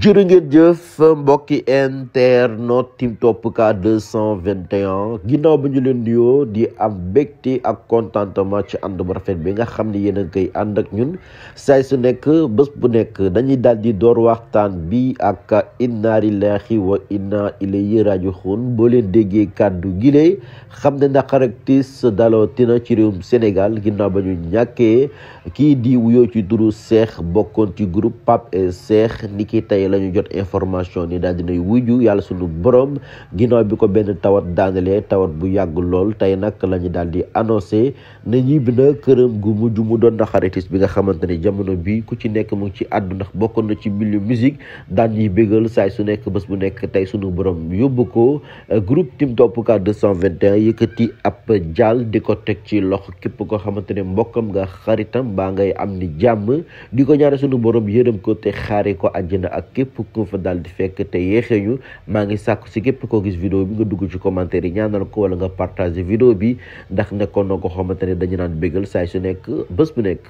jërë ngeen jëf mbokki internet tim topp ka 221 ginnaaw ba ñu leen nuyoo di am mbégte ak contentement ci ànd bu rafet bi nga xam ne yéen a koy ànd ak ñun saay su nekk bés bu nekk dañuy daal di door waxtaan bi ak inna lillahi wa inna ilayhi raji'un boo leen déggee kàddu gile xam ne naqar ak tiis daloo tina ci réewum Sénégal ginnaaw ba ñu ñàkkee kii di wuyoo ci turu Cheikh bokkoon ci groupe Pape et Cheikh ni ki tey la ñu jot information ni daal dinay wuju yàlla sunu borom ginnaaw bi ko benn tawat daanelee tawat bu yàgg lool tey nag la ñu daal di annoncé na ñibbi këram gu mujj mu doon na xaritis bi nga xamante ne jamono bi ku ci nekk mu ci àddu ndax bokkoon na ci milieu musique daan ñuy bégal saay su nekk bés bu nekk tey sunu borom yóbbu ko groupe Tim Top K 221 yëkkati ab jaal di ko teg ci loxo képp koo xamante ne mbokkam nga xaritam baa ngay am di ko ñaare sunu borom yërëm ko xaare ko àjjana ak képp ko fa daal di fekk te yéexee ñu maa ngi sàkku si képp koo gis vidéo bi nga dugg ci commentaire yi ñaanal ko nga partager vidéo bi ndax nekkoon na ko xamante ne dañu naan bégal saay su nekk bés bu nekk